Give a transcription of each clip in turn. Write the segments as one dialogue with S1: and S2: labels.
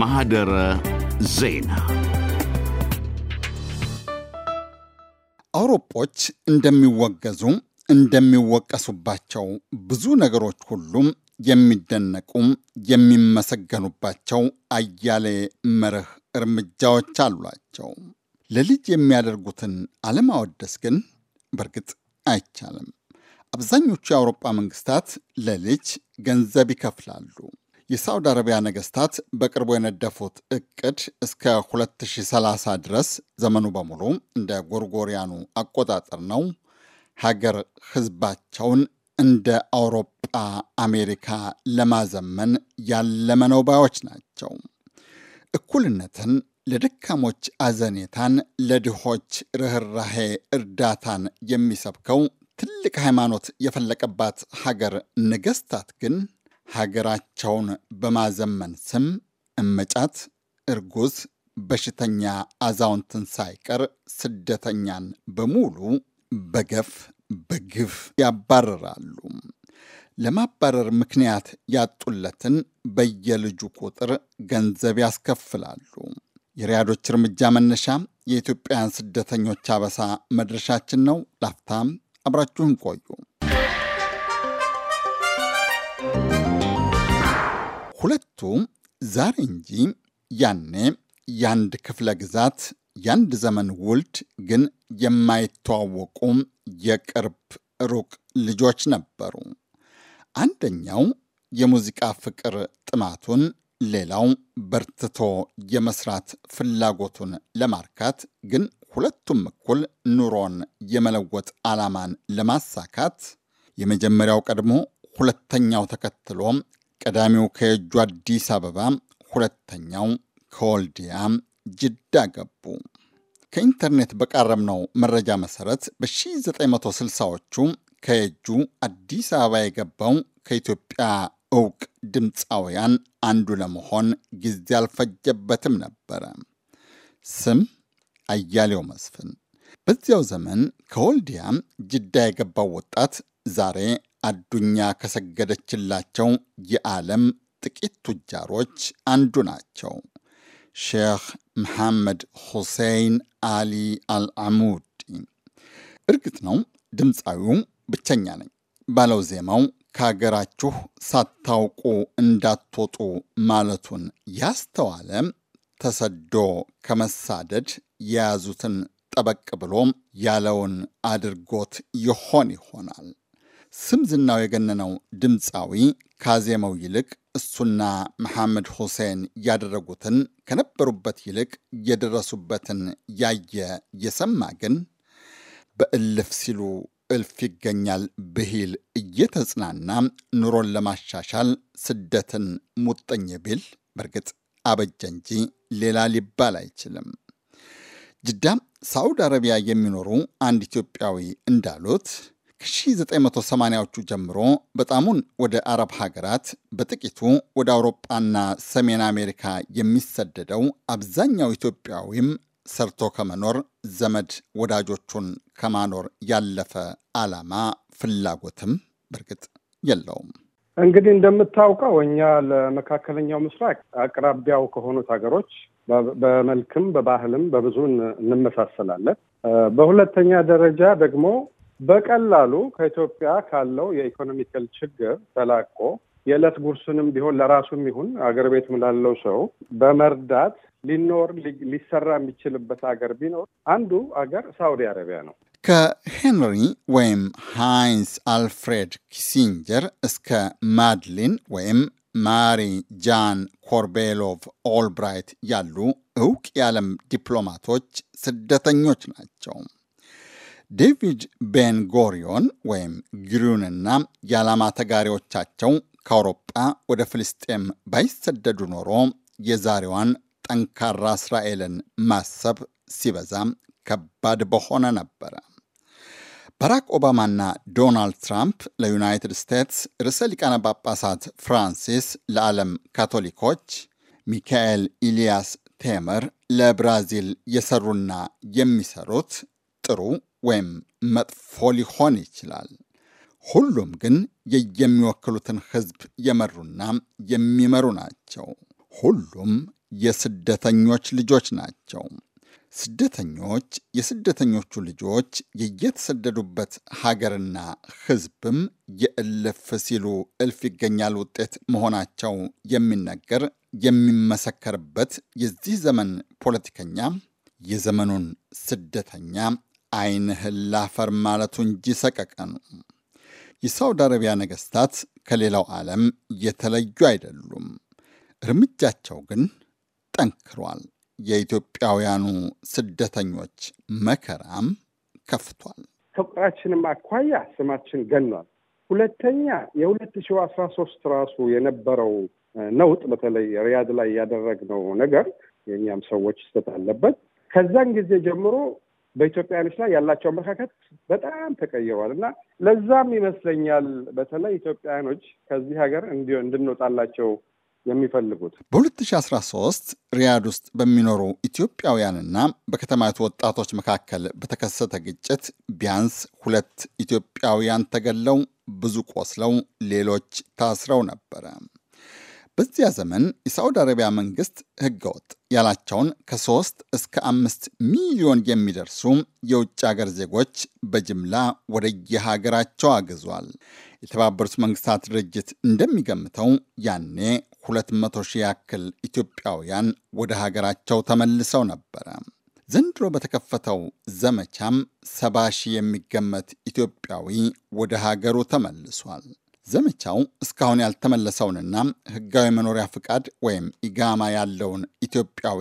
S1: ማህደረ ዜና አውሮጶች እንደሚወገዙ እንደሚወቀሱባቸው ብዙ ነገሮች ሁሉም የሚደነቁ የሚመሰገኑባቸው አያሌ መርህ እርምጃዎች አሏቸው። ለልጅ የሚያደርጉትን አለማወደስ ግን በእርግጥ አይቻልም። አብዛኞቹ የአውሮጳ መንግስታት ለልጅ ገንዘብ ይከፍላሉ። የሳውዲ አረቢያ ነገስታት በቅርቡ የነደፉት እቅድ እስከ 2030 ድረስ ዘመኑ በሙሉ እንደ ጎርጎሪያኑ አቆጣጠር ነው። ሀገር ህዝባቸውን እንደ አውሮጳ አሜሪካ ለማዘመን ያለመ ነው ባዮች ናቸው። እኩልነትን፣ ለደካሞች አዘኔታን፣ ለድሆች ርኅራሄ እርዳታን የሚሰብከው ትልቅ ሃይማኖት የፈለቀባት ሀገር ነገስታት ግን ሀገራቸውን በማዘመን ስም እመጫት፣ እርጉዝ፣ በሽተኛ አዛውንትን ሳይቀር ስደተኛን በሙሉ በገፍ በግፍ ያባረራሉ። ለማባረር ምክንያት ያጡለትን በየልጁ ቁጥር ገንዘብ ያስከፍላሉ። የሪያዶች እርምጃ መነሻ የኢትዮጵያን ስደተኞች አበሳ መድረሻችን ነው። ላፍታም አብራችሁን ቆዩ። ሁለቱ ዛሬ እንጂ ያኔ የአንድ ክፍለ ግዛት የአንድ ዘመን ውልድ ግን የማይተዋወቁ የቅርብ ሩቅ ልጆች ነበሩ። አንደኛው የሙዚቃ ፍቅር ጥማቱን፣ ሌላው በርትቶ የመስራት ፍላጎቱን ለማርካት ግን ሁለቱም እኩል ኑሮን የመለወጥ ዓላማን ለማሳካት የመጀመሪያው ቀድሞ ሁለተኛው ተከትሎ ቀዳሚው ከየጁ አዲስ አበባ ሁለተኛው ከወልዲያ ጅዳ ገቡ። ከኢንተርኔት በቃረምነው መረጃ መሰረት በ1960ዎቹ ከየጁ አዲስ አበባ የገባው ከኢትዮጵያ እውቅ ድምፃውያን አንዱ ለመሆን ጊዜ አልፈጀበትም ነበረ። ስም አያሌው መስፍን በዚያው ዘመን ከወልዲያ ጅዳ የገባው ወጣት ዛሬ አዱኛ ከሰገደችላቸው የዓለም ጥቂት ቱጃሮች አንዱ ናቸው። ሼክ መሐመድ ሁሴይን አሊ አልአሙዲ። እርግጥ ነው ድምፃዊው ብቸኛ ነኝ ባለው ዜማው ከሀገራችሁ ሳታውቁ እንዳትወጡ ማለቱን ያስተዋለም ተሰዶ ከመሳደድ የያዙትን ጠበቅ ብሎም ያለውን አድርጎት ይሆን ይሆናል። ስም ዝናው የገነነው ድምፃዊ ካዜመው ይልቅ እሱና መሐመድ ሁሴን ያደረጉትን ከነበሩበት ይልቅ የደረሱበትን ያየ የሰማ ግን በእልፍ ሲሉ እልፍ ይገኛል ብሂል እየተጽናና ኑሮን ለማሻሻል ስደትን ሙጠኝ ቢል በእርግጥ አበጀ እንጂ ሌላ ሊባል አይችልም። ጅዳ ሳዑድ አረቢያ የሚኖሩ አንድ ኢትዮጵያዊ እንዳሉት ከ1980ዎቹ ጀምሮ በጣሙን ወደ አረብ ሀገራት በጥቂቱ ወደ አውሮጳና ሰሜን አሜሪካ የሚሰደደው አብዛኛው ኢትዮጵያዊም ሰርቶ ከመኖር ዘመድ ወዳጆቹን ከማኖር ያለፈ ዓላማ ፍላጎትም በእርግጥ የለውም።
S2: እንግዲህ እንደምታውቀው እኛ ለመካከለኛው ምስራቅ አቅራቢያው ከሆኑት ሀገሮች በመልክም በባህልም በብዙ እንመሳሰላለን። በሁለተኛ ደረጃ ደግሞ በቀላሉ ከኢትዮጵያ ካለው የኢኮኖሚካል ችግር ተላቆ የዕለት ጉርስንም ቢሆን ለራሱም ይሁን አገር ቤትም ላለው ሰው በመርዳት ሊኖር ሊሰራ የሚችልበት አገር ቢኖር አንዱ አገር ሳውዲ አረቢያ ነው።
S1: ከሄንሪ ወይም ሃይንስ አልፍሬድ ኪሲንጀር እስከ ማድሊን ወይም ማሪ ጃን ኮርቤሎቭ ኦልብራይት ያሉ እውቅ የዓለም ዲፕሎማቶች ስደተኞች ናቸው። ዴቪድ ቤንጎሪዮን ወይም ግሩንና የዓላማ ተጋሪዎቻቸው ከአውሮጳ ወደ ፍልስጤም ባይሰደዱ ኖሮ የዛሬዋን ጠንካራ እስራኤልን ማሰብ ሲበዛም ከባድ በሆነ ነበረ። ባራክ ኦባማና ዶናልድ ትራምፕ ለዩናይትድ ስቴትስ ርዕሰ ሊቃነ ጳጳሳት ፍራንሲስ፣ ለዓለም ካቶሊኮች ሚካኤል ኢልያስ ቴምር ለብራዚል የሰሩና የሚሰሩት ጥሩ ወይም መጥፎ ሊሆን ይችላል። ሁሉም ግን የየሚወክሉትን ሕዝብ የመሩና የሚመሩ ናቸው። ሁሉም የስደተኞች ልጆች ናቸው። ስደተኞች፣ የስደተኞቹ ልጆች፣ የየተሰደዱበት ሀገርና ህዝብም የእልፍ ሲሉ እልፍ ይገኛል ውጤት መሆናቸው የሚነገር የሚመሰከርበት የዚህ ዘመን ፖለቲከኛ የዘመኑን ስደተኛ ዓይንህን ላፈር ማለቱ እንጂ ሰቀቀኑ። የሳውዲ አረቢያ ነገስታት ከሌላው ዓለም የተለዩ አይደሉም። እርምጃቸው ግን ጠንክሯል። የኢትዮጵያውያኑ ስደተኞች መከራም ከፍቷል።
S2: ከቁጥራችንም አኳያ ስማችን ገኗል። ሁለተኛ የሁለት ሺ አስራ ሶስት ራሱ የነበረው ነውጥ በተለይ ሪያድ ላይ ያደረግነው ነገር የእኛም ሰዎች ስህተት አለበት። ከዛን ጊዜ ጀምሮ በኢትዮጵያኖች ላይ ያላቸው አመለካከት በጣም ተቀይሯል እና ለዛም ይመስለኛል በተለይ ኢትዮጵያውያኖች ከዚህ ሀገር እንዲ እንድንወጣላቸው የሚፈልጉት።
S1: በ2013 ሪያድ ውስጥ በሚኖሩ ኢትዮጵያውያንና በከተማይቱ ወጣቶች መካከል በተከሰተ ግጭት ቢያንስ ሁለት ኢትዮጵያውያን ተገለው ብዙ ቆስለው ሌሎች ታስረው ነበረ። በዚያ ዘመን የሳዑዲ አረቢያ መንግስት ህገወጥ ያላቸውን ከሶስት እስከ አምስት ሚሊዮን የሚደርሱ የውጭ አገር ዜጎች በጅምላ ወደየሀገራቸው አግዟል። የተባበሩት መንግስታት ድርጅት እንደሚገምተው ያኔ 200 ሺህ ያክል ኢትዮጵያውያን ወደ ሀገራቸው ተመልሰው ነበረ። ዘንድሮ በተከፈተው ዘመቻም 70 ሺህ የሚገመት ኢትዮጵያዊ ወደ ሀገሩ ተመልሷል። ዘመቻው እስካሁን ያልተመለሰውንና ሕጋዊ መኖሪያ ፍቃድ ወይም ኢጋማ ያለውን ኢትዮጵያዊ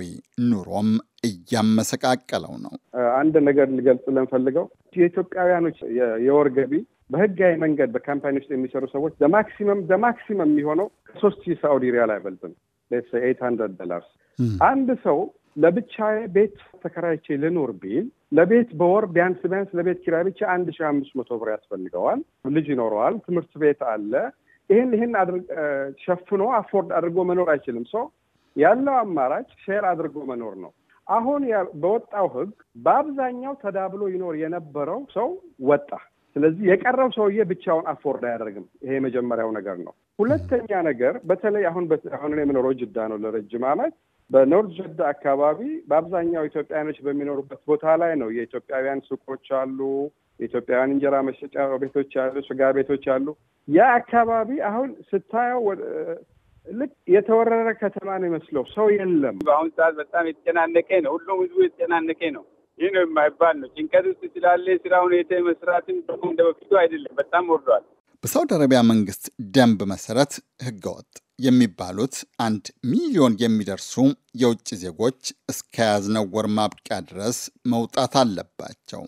S1: ኑሮም እያመሰቃቀለው ነው።
S2: አንድ ነገር ልገልጽ ለምፈልገው የኢትዮጵያውያኖች የወር ገቢ በህጋዊ መንገድ በካምፓኒ ውስጥ የሚሰሩ ሰዎች በማክሲመም በማክሲመም የሚሆነው ከሶስት ሺህ ሳውዲ ሪያል አይበልጥም። ሌትስ ኤይት ሀንድረድ ዶላርስ አንድ ሰው ለብቻ ቤት ተከራይቼ ልኖር ቢል ለቤት በወር ቢያንስ ቢያንስ ለቤት ኪራይ ብቻ አንድ ሺህ አምስት መቶ ብር ያስፈልገዋል። ልጅ ይኖረዋል፣ ትምህርት ቤት አለ። ይህን ይህን ሸፍኖ አፎርድ አድርጎ መኖር አይችልም። ሰው ያለው አማራጭ ሼር አድርጎ መኖር ነው። አሁን በወጣው ህግ በአብዛኛው ተዳብሎ ይኖር የነበረው ሰው ወጣ። ስለዚህ የቀረው ሰውዬ ብቻውን አፎርድ አያደርግም። ይሄ የመጀመሪያው ነገር ነው። ሁለተኛ ነገር በተለይ አሁን አሁን የምኖረው ጅዳ ነው ለረጅም ዓመት በኖርድ ጀዳ አካባቢ በአብዛኛው ኢትዮጵያውያኖች በሚኖሩበት ቦታ ላይ ነው። የኢትዮጵያውያን ሱቆች አሉ፣ የኢትዮጵያውያን እንጀራ መሸጫ ቤቶች አሉ፣ ስጋ ቤቶች አሉ። ያ አካባቢ አሁን ስታየው ልክ የተወረረ ከተማ ነው ይመስለው ሰው የለም።
S3: በአሁኑ ሰዓት በጣም የተጨናነቀ ነው። ሁሉም ህዝቡ የተጨናነቀ ነው። ይህ ነው የማይባል ነው። ጭንቀት ውስጥ ስላለ ስራ ሁኔታ መስራትም እንደ በፊቱ አይደለም፣ በጣም ወርዷል።
S1: በሳውዲ አረቢያ መንግስት ደንብ መሰረት ህገወጥ የሚባሉት አንድ ሚሊዮን የሚደርሱ የውጭ ዜጎች እስከ ያዝነው ወር ማብቂያ ድረስ መውጣት አለባቸው።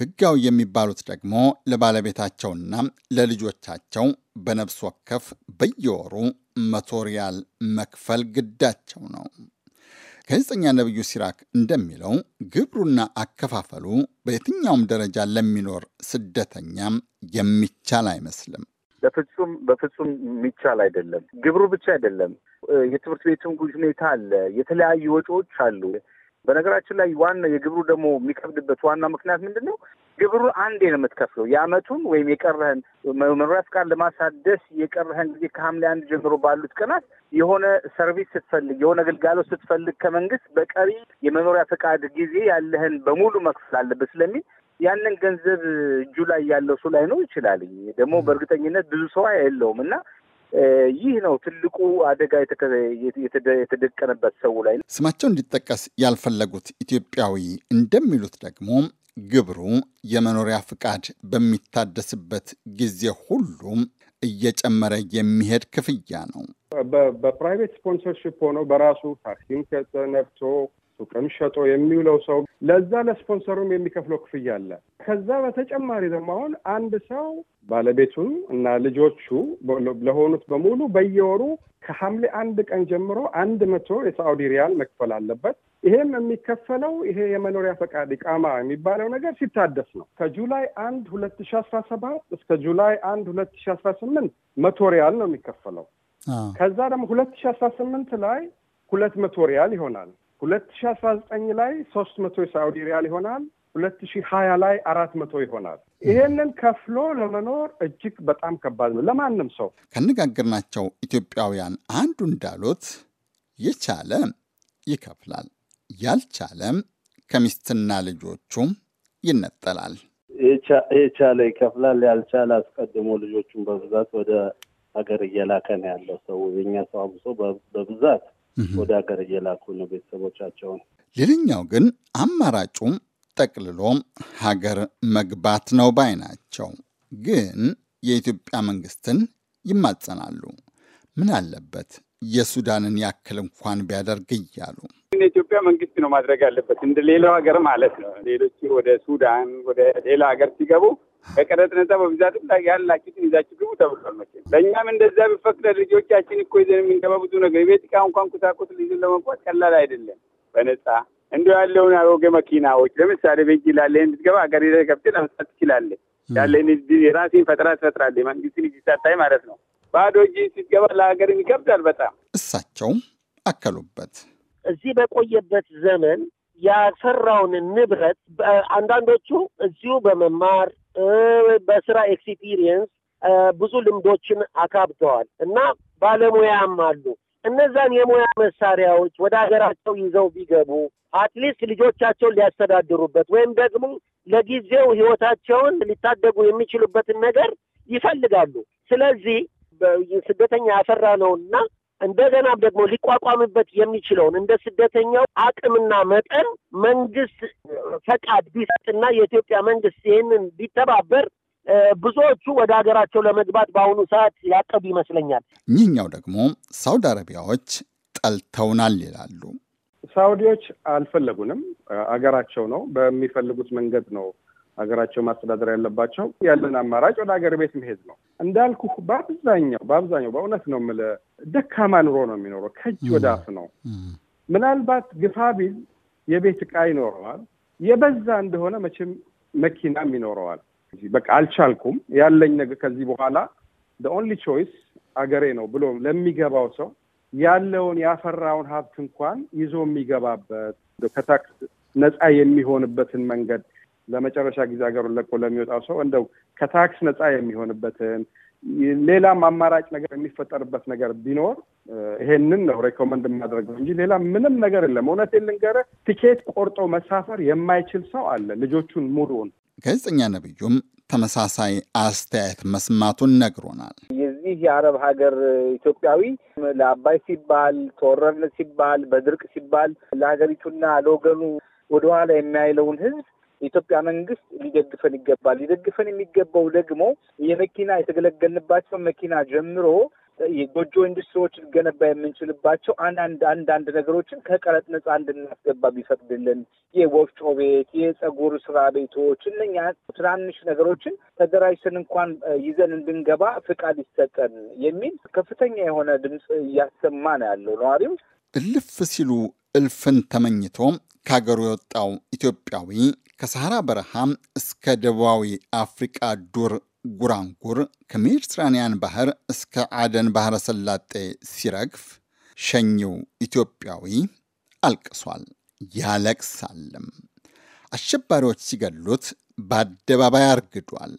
S1: ህጋዊ የሚባሉት ደግሞ ለባለቤታቸውና ለልጆቻቸው በነፍስ ወከፍ በየወሩ መቶ ሪያል መክፈል ግዳቸው ነው። ጋዜጠኛ ነብዩ ሲራክ እንደሚለው ግብሩና አከፋፈሉ በየትኛውም ደረጃ ለሚኖር ስደተኛም የሚቻል አይመስልም።
S3: በፍጹም በፍጹም የሚቻል አይደለም። ግብሩ ብቻ አይደለም፣ የትምህርት ቤትም ሁኔታ አለ፣ የተለያዩ ወጪዎች አሉ። በነገራችን ላይ ዋና የግብሩ ደግሞ የሚከብድበት ዋና ምክንያት ምንድን ነው? ግብሩ አንዴ ነው የምትከፍለው። የአመቱን ወይም የቀረህን መኖሪያ ፍቃድ ለማሳደስ የቀረህን ጊዜ ከሐምሌ አንድ ጀምሮ ባሉት ቀናት የሆነ ሰርቪስ ስትፈልግ፣ የሆነ ግልጋሎት ስትፈልግ ከመንግስት በቀሪ የመኖሪያ ፍቃድ ጊዜ ያለህን በሙሉ መክፈል አለበት ስለሚል ያንን ገንዘብ እጁ ላይ ያለው ሰው ነው ይችላል። ደግሞ በእርግጠኝነት ብዙ ሰው የለውም እና ይህ ነው ትልቁ አደጋ የተደቀነበት ሰው ላይ።
S1: ስማቸው እንዲጠቀስ ያልፈለጉት ኢትዮጵያዊ እንደሚሉት ደግሞ ግብሩ የመኖሪያ ፍቃድ በሚታደስበት ጊዜ ሁሉም እየጨመረ የሚሄድ ክፍያ ነው።
S2: በፕራይቬት ስፖንሰርሽፕ ሆኖ በራሱ ታክሲም ነፍቶ ሱቅም ሸጦ የሚውለው ሰው ለዛ ለስፖንሰሩም የሚከፍለው ክፍያ አለ። ከዛ በተጨማሪ ደግሞ አሁን አንድ ሰው ባለቤቱን እና ልጆቹ ለሆኑት በሙሉ በየወሩ ከሐምሌ አንድ ቀን ጀምሮ አንድ መቶ የሳዑዲ ሪያል መክፈል አለበት። ይሄም የሚከፈለው ይሄ የመኖሪያ ፈቃድ ኢቃማ የሚባለው ነገር ሲታደስ ነው። ከጁላይ አንድ ሁለት ሺ አስራ ሰባት እስከ ጁላይ አንድ ሁለት ሺ አስራ ስምንት መቶ ሪያል ነው የሚከፈለው። ከዛ ደግሞ ሁለት ሺ አስራ ስምንት ላይ ሁለት መቶ ሪያል ይሆናል። ሁለት ሺ አስራ ዘጠኝ ላይ ሶስት መቶ የሳዑዲ ሪያል ይሆናል። ሁለት ሺ ሀያ ላይ አራት መቶ
S1: ይሆናል። ይሄንን ከፍሎ ለመኖር እጅግ በጣም ከባድ ነው ለማንም ሰው። ካነጋገርናቸው ኢትዮጵያውያን አንዱ እንዳሉት የቻለ ይከፍላል ያልቻለም ከሚስትና ልጆቹም ይነጠላል።
S3: የቻለ ይከፍላል፣ ያልቻለ አስቀድሞ ልጆቹን በብዛት ወደ ሀገር እየላከ ነው ያለው ሰው የኛ ሰው አብሶ በብዛት ወደ ሀገር እየላኩ ነው ቤተሰቦቻቸውን።
S1: ሌላኛው ግን አማራጩም ጠቅልሎም ሀገር መግባት ነው ባይ ናቸው። ግን የኢትዮጵያ መንግስትን ይማጸናሉ። ምን አለበት የሱዳንን ያክል እንኳን ቢያደርግ እያሉ
S3: የኢትዮጵያ መንግስት ነው ማድረግ ያለበት፣ እንደ ሌላው ሀገር ማለት ነው። ሌሎች ወደ ሱዳን ወደ ሌላ ሀገር ሲገቡ በቀረጥ ነጻ በብዛት ያላችሁትን ይዛችሁ ግቡ ተብሏል። መቼም ለእኛም እንደዛ ቢፈቅደ ልጆቻችን እኮ ይዘን የምንገባ ብዙ ነገር የቤት ዕቃ እንኳን ቁሳቁስ ልይዝን ለመግባት ቀላል አይደለም። በነጻ እንዲ ያለውን አሮጌ መኪናዎች ለምሳሌ በእጅ ላለ እንድትገባ ሀገር ይዘህ ገብተህ ለመስጣት ትችላለህ። ያለን የራሴን ፈጠራ ትፈጥራለህ። መንግስትን ይሳታይ ማለት ነው። ባዶ እጅ ስትገባ ለሀገርም ይከብዳል በጣም
S1: እሳቸውም አከሉበት።
S3: እዚህ በቆየበት ዘመን ያፈራውን ንብረት አንዳንዶቹ እዚሁ በመማር በስራ ኤክስፒሪየንስ ብዙ ልምዶችን አካብተዋል እና ባለሙያም አሉ። እነዛን የሙያ መሳሪያዎች ወደ ሀገራቸው ይዘው ቢገቡ አትሊስት ልጆቻቸውን ሊያስተዳድሩበት ወይም ደግሞ ለጊዜው ሕይወታቸውን ሊታደጉ የሚችሉበትን ነገር ይፈልጋሉ። ስለዚህ ስደተኛ ነውና። እንደገና ደግሞ ሊቋቋምበት የሚችለውን እንደ ስደተኛው አቅምና መጠን መንግስት ፈቃድ ቢሰጥና የኢትዮጵያ መንግስት ይህንን ቢተባበር ብዙዎቹ ወደ ሀገራቸው ለመግባት በአሁኑ ሰዓት ያቀዱ ይመስለኛል።
S1: ይህኛው ደግሞ ሳውዲ አረቢያዎች ጠልተውናል ይላሉ።
S2: ሳውዲዎች አልፈለጉንም። አገራቸው ነው። በሚፈልጉት መንገድ ነው ሀገራቸው ማስተዳደር ያለባቸው። ያለን አማራጭ ወደ ሀገር ቤት መሄድ ነው። እንዳልኩ በአብዛኛው በአብዛኛው በእውነት ነው የምልህ ደካማ ኑሮ ነው የሚኖረው። ከእጅ ወደ አፍ ነው። ምናልባት ግፋ ቢል የቤት እቃ ይኖረዋል። የበዛ እንደሆነ መቼም መኪናም ይኖረዋል። በቃ አልቻልኩም፣ ያለኝ ነገር ከዚህ በኋላ ኦንሊ ቾይስ አገሬ ነው ብሎ ለሚገባው ሰው ያለውን ያፈራውን ሀብት እንኳን ይዞ የሚገባበት ከታክስ ነፃ የሚሆንበትን መንገድ ለመጨረሻ ጊዜ ሀገሩን ለቆ ለሚወጣው ሰው እንደው ከታክስ ነፃ የሚሆንበትን ሌላም አማራጭ ነገር የሚፈጠርበት ነገር ቢኖር ይሄንን ነው ሬኮመንድ የማደርገው እንጂ ሌላ ምንም ነገር የለም። እውነት ልንገርህ፣ ቲኬት ቆርጦ መሳፈር የማይችል ሰው አለ። ልጆቹን ሙሉውን
S1: ጋዜጠኛ ነብዩም ተመሳሳይ አስተያየት መስማቱን ነግሮናል።
S3: የዚህ የአረብ ሀገር ኢትዮጵያዊ ለአባይ ሲባል ተወረድነት ሲባል በድርቅ ሲባል ለሀገሪቱና ለወገኑ ወደኋላ የሚያይለውን ህዝብ የኢትዮጵያ መንግስት ሊደግፈን ይገባል። ሊደግፈን የሚገባው ደግሞ የመኪና የተገለገልንባቸው መኪና ጀምሮ የጎጆ ኢንዱስትሪዎች ልገነባ የምንችልባቸው አንዳንድ አንዳንድ ነገሮችን ከቀረጥ ነፃ እንድናስገባ ቢፈቅድልን የወፍጮ ቤት፣ የፀጉር ስራ ቤቶች እነኛ ትናንሽ ነገሮችን ተደራጅተን እንኳን ይዘን እንድንገባ ፍቃድ ይሰጠን የሚል ከፍተኛ የሆነ ድምፅ እያሰማ ነው ያለው ነዋሪው።
S1: እልፍ ሲሉ እልፍን ተመኝቶ ከሀገሩ የወጣው ኢትዮጵያዊ ከሰሐራ በረሃ እስከ ደቡባዊ አፍሪቃ ዱር ጉራንጉር ከሜዲትራንያን ባህር እስከ አደን ባህረ ሰላጤ ሲረግፍ ሸኚው ኢትዮጵያዊ አልቅሷል፣ ያለቅሳልም። አሸባሪዎች ሲገሉት በአደባባይ አርግዷል።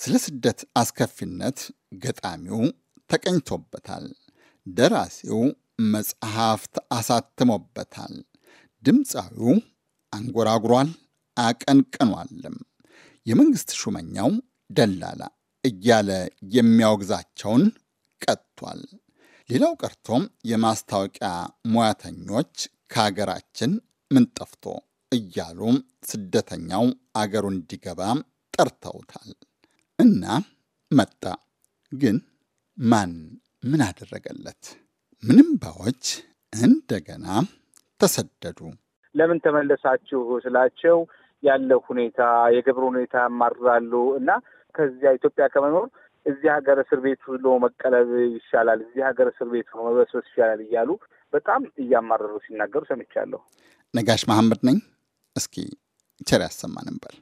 S1: ስለ ስደት አስከፊነት ገጣሚው ተቀኝቶበታል። ደራሲው መጽሐፍት አሳትሞበታል። ድምፃዊው አንጎራጉሯል፣ አቀንቅኗልም። የመንግሥት ሹመኛው ደላላ እያለ የሚያወግዛቸውን ቀጥቷል። ሌላው ቀርቶም የማስታወቂያ ሙያተኞች ከሀገራችን ምን ጠፍቶ እያሉ ስደተኛው አገሩ እንዲገባ ጠርተውታል እና መጣ። ግን ማን ምን አደረገለት? ምንም ባዎች እንደገና ተሰደዱ።
S3: ለምን ተመለሳችሁ ስላቸው ያለው ሁኔታ የግብር ሁኔታ ያማርራሉ እና ከዚያ ኢትዮጵያ ከመኖር እዚህ ሀገር እስር ቤት ውሎ መቀለብ ይሻላል፣ እዚህ ሀገር እስር ቤት ሆኖ መበስበስ ይሻላል እያሉ በጣም እያማረሩ ሲናገሩ ሰምቻለሁ።
S1: ነጋሽ መሐመድ ነኝ። እስኪ ቸር ያሰማን እንበል።